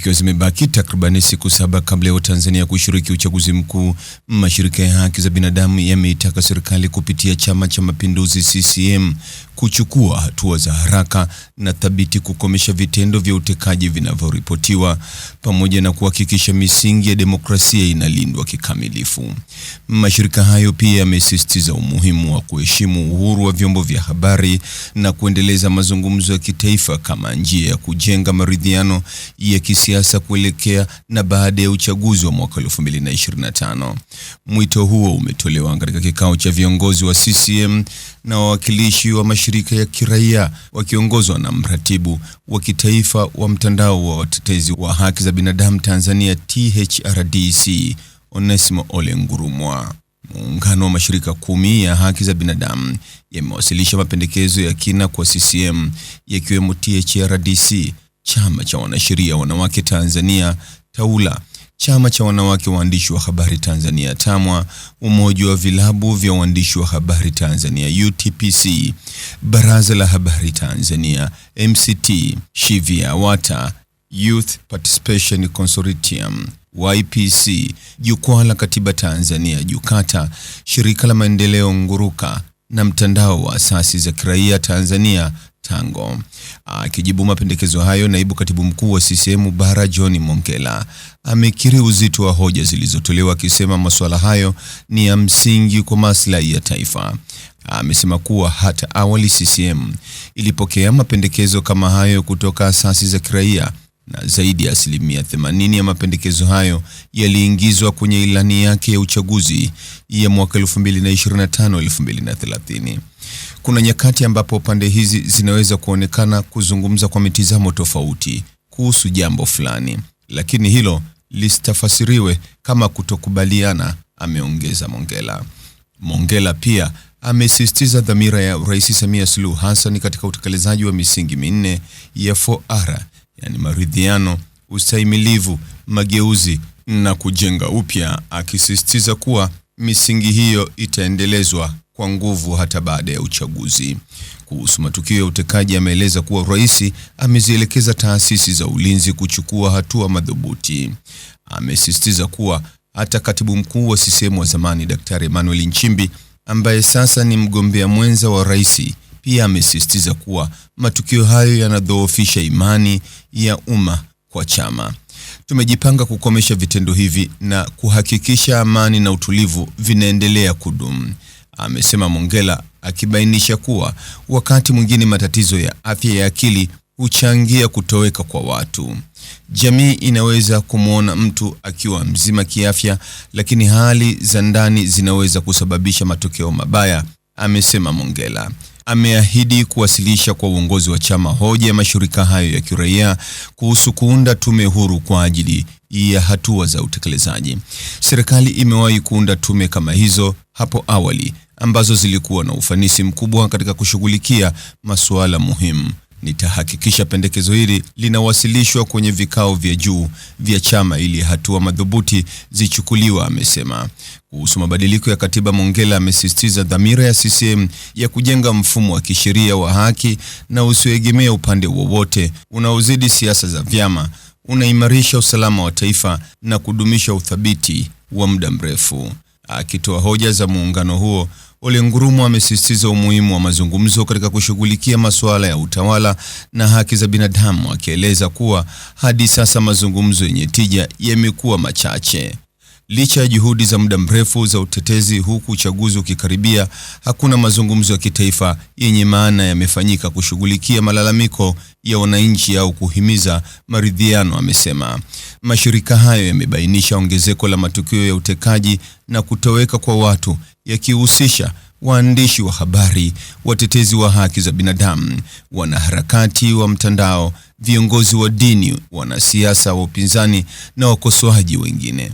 Zikiwa zimebaki takribani siku saba kabla ya Watanzania kushiriki uchaguzi mkuu, mashirika ya haki za binadamu yameitaka serikali kupitia Chama cha Mapinduzi CCM kuchukua hatua za haraka na thabiti kukomesha vitendo vya utekaji vinavyoripotiwa pamoja na kuhakikisha misingi ya demokrasia inalindwa kikamilifu. Mashirika hayo pia yamesisitiza umuhimu wa kuheshimu uhuru wa vyombo vya habari na kuendeleza mazungumzo ya kitaifa kama njia ya kujenga maridhiano ya kisiasa kisiasa kuelekea na baada ya uchaguzi wa mwaka 2025. Mwito huo umetolewa katika kikao cha viongozi wa CCM na wawakilishi wa mashirika ya kiraia wakiongozwa na mratibu wa kitaifa wa mtandao wa watetezi wa haki za binadamu Tanzania THRDC, Onesimo Ole Ngurumwa. Muungano wa mashirika kumi ya haki za binadamu yamewasilisha mapendekezo ya kina kwa CCM yakiwemo THRDC chama cha wanasheria wanawake Tanzania TAWLA, chama cha wanawake waandishi wa habari Tanzania TAMWA, umoja wa vilabu vya waandishi wa habari Tanzania UTPC, baraza la habari Tanzania MCT, SHIVIAWATA, Youth Participation Consortium YPC, jukwaa la katiba Tanzania JUKATA, shirika la maendeleo Nguruka na mtandao wa asasi za kiraia Tanzania Tango. Akijibu mapendekezo hayo, naibu katibu mkuu wa CCM Bara John monkela amekiri uzito wa hoja zilizotolewa, akisema masuala hayo ni ya msingi kwa maslahi ya taifa. Amesema kuwa hata awali CCM ilipokea mapendekezo kama hayo kutoka asasi za kiraia na zaidi ya asilimia 80 ya mapendekezo hayo yaliingizwa kwenye ilani yake ya uchaguzi ya mwaka 2025-2030. Kuna nyakati ambapo pande hizi zinaweza kuonekana kuzungumza kwa mitizamo tofauti kuhusu jambo fulani, lakini hilo lisitafasiriwe kama kutokubaliana, ameongeza mongela mongela pia amesisitiza dhamira ya Rais Samia Suluhu Hassan katika utekelezaji wa misingi minne ya 4R, yani maridhiano, ustahimilivu, mageuzi na kujenga upya, akisisitiza kuwa misingi hiyo itaendelezwa kwa nguvu hata baada ya uchaguzi. Kuhusu matukio ya utekaji, ameeleza kuwa rais amezielekeza taasisi za ulinzi kuchukua hatua madhubuti. Amesisitiza kuwa hata katibu mkuu wa CCM wa zamani Daktari Emmanuel Nchimbi ambaye sasa ni mgombea mwenza wa rais pia amesisitiza kuwa matukio hayo yanadhoofisha imani ya umma kwa chama. Tumejipanga kukomesha vitendo hivi na kuhakikisha amani na utulivu vinaendelea kudumu amesema mongela akibainisha kuwa wakati mwingine matatizo ya afya ya akili huchangia kutoweka kwa watu. Jamii inaweza kumwona mtu akiwa mzima kiafya, lakini hali za ndani zinaweza kusababisha matokeo mabaya, amesema mongela Ameahidi kuwasilisha kwa uongozi wa chama hoja ya mashirika hayo ya kiraia kuhusu kuunda tume huru kwa ajili ya hatua za utekelezaji. Serikali imewahi kuunda tume kama hizo hapo awali ambazo zilikuwa na ufanisi mkubwa katika kushughulikia masuala muhimu. Nitahakikisha pendekezo hili linawasilishwa kwenye vikao vya juu vya chama ili hatua madhubuti zichukuliwa, amesema. Kuhusu mabadiliko ya katiba, mongela amesisitiza dhamira ya CCM ya kujenga mfumo wa kisheria wa haki na usioegemea upande wowote, unaozidi siasa za vyama, unaimarisha usalama wa taifa na kudumisha uthabiti wa muda mrefu. Akitoa hoja za muungano huo Ole Ngurumo amesisitiza umuhimu wa mazungumzo katika kushughulikia masuala ya utawala na haki za binadamu, akieleza kuwa hadi sasa mazungumzo yenye tija yamekuwa machache. Licha ya juhudi za muda mrefu za utetezi, huku uchaguzi ukikaribia, hakuna mazungumzo ya kitaifa yenye maana yamefanyika kushughulikia malalamiko ya wananchi au kuhimiza maridhiano, amesema. Mashirika hayo yamebainisha ongezeko la matukio ya utekaji na kutoweka kwa watu yakihusisha waandishi wa habari, watetezi wa haki za binadamu, wanaharakati wa mtandao, viongozi wa dini, wanasiasa wa upinzani na wakosoaji wengine.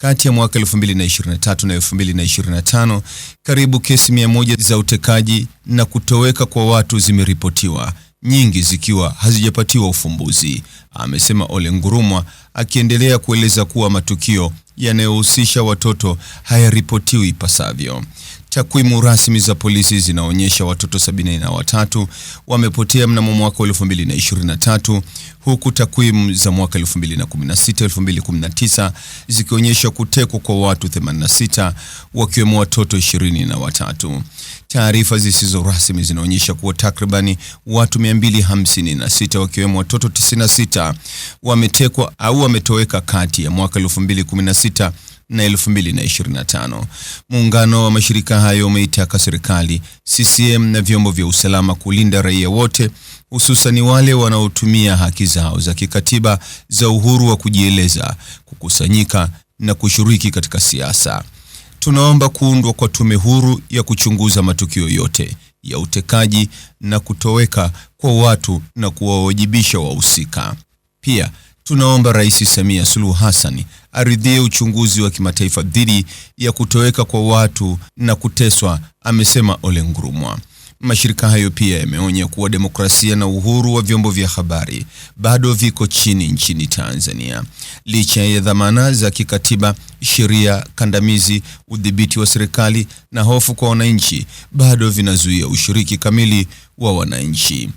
Kati ya mwaka 2023 na 2025, karibu kesi 100 za utekaji na kutoweka kwa watu zimeripotiwa, nyingi zikiwa hazijapatiwa ufumbuzi, amesema Ole Ngurumwa, akiendelea kueleza kuwa matukio yanayohusisha watoto hayaripotiwi ipasavyo. Takwimu rasmi za polisi zinaonyesha watoto 73 wamepotea mnamo mwaka 2023, huku takwimu za mwaka 2016, 2019 zikionyesha kutekwa kwa watu 86 wakiwemo watoto 23. Taarifa zisizo rasmi zinaonyesha kuwa takribani watu 256 wakiwemo watoto 96 wametekwa au wametoweka kati ya mwaka 2016 na 2025. Muungano wa mashirika hayo umeitaka serikali, CCM na vyombo vya usalama kulinda raia wote, hususani wale wanaotumia haki zao za kikatiba za uhuru wa kujieleza, kukusanyika na kushiriki katika siasa. Tunaomba kuundwa kwa tume huru ya kuchunguza matukio yote ya utekaji na kutoweka kwa watu na kuwawajibisha wahusika. Pia tunaomba Rais Samia Suluhu Hassan aridhie uchunguzi wa kimataifa dhidi ya kutoweka kwa watu na kuteswa, amesema Ole Ngurumwa. Mashirika hayo pia yameonya kuwa demokrasia na uhuru wa vyombo vya habari bado viko chini nchini Tanzania. Licha ya dhamana za kikatiba, sheria kandamizi, udhibiti wa serikali na hofu kwa wananchi bado vinazuia ushiriki kamili wa wananchi.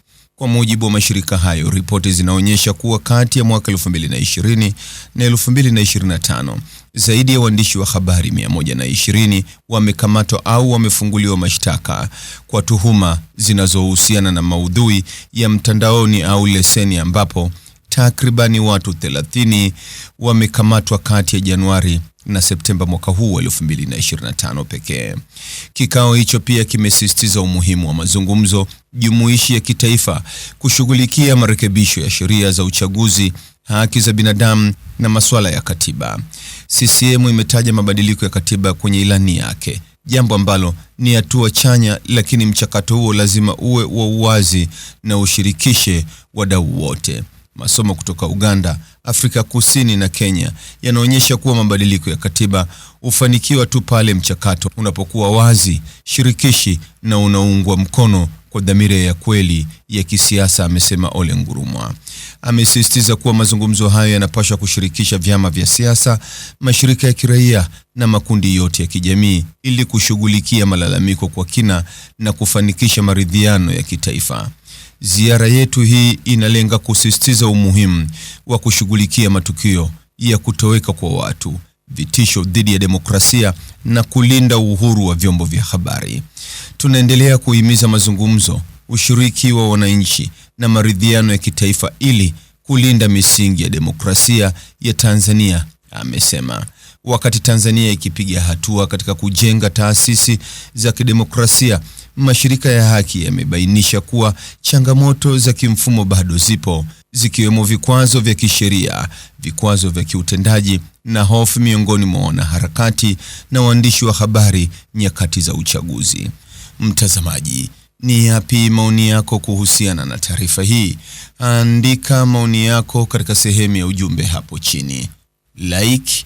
Kwa mujibu wa mashirika hayo, ripoti zinaonyesha kuwa kati ya mwaka 2020 na 2025 zaidi ya waandishi wa habari 120 wamekamatwa au wamefunguliwa mashtaka kwa tuhuma zinazohusiana na maudhui ya mtandaoni au leseni, ambapo takribani watu 30 wamekamatwa kati ya Januari na Septemba mwaka huu 2025 pekee. Kikao hicho pia kimesisitiza umuhimu wa mazungumzo jumuishi ya kitaifa kushughulikia marekebisho ya sheria za uchaguzi, haki za binadamu na masuala ya katiba. CCM imetaja mabadiliko ya katiba kwenye ilani yake, jambo ambalo ni hatua chanya, lakini mchakato huo lazima uwe wa uwazi na ushirikishe wadau wote. Masomo kutoka Uganda, Afrika Kusini na Kenya yanaonyesha kuwa mabadiliko ya katiba hufanikiwa tu pale mchakato unapokuwa wazi, shirikishi na unaungwa mkono kwa dhamira ya kweli ya kisiasa, amesema Ole Ngurumwa. Amesisitiza kuwa mazungumzo hayo yanapaswa kushirikisha vyama vya siasa, mashirika ya kiraia na makundi yote ya kijamii ili kushughulikia malalamiko kwa kina na kufanikisha maridhiano ya kitaifa. Ziara yetu hii inalenga kusisitiza umuhimu wa kushughulikia matukio ya kutoweka kwa watu, vitisho dhidi ya demokrasia na kulinda uhuru wa vyombo vya habari. Tunaendelea kuhimiza mazungumzo, ushiriki wa wananchi na maridhiano ya kitaifa ili kulinda misingi ya demokrasia ya Tanzania, amesema. Wakati Tanzania ikipiga hatua katika kujenga taasisi za kidemokrasia mashirika ya haki yamebainisha kuwa changamoto za kimfumo bado zipo, zikiwemo vikwazo vya kisheria, vikwazo vya kiutendaji na hofu miongoni mwa wanaharakati na waandishi wa habari nyakati za uchaguzi. Mtazamaji, ni yapi maoni yako kuhusiana na taarifa hii? Andika maoni yako katika sehemu ya ujumbe hapo chini. Like,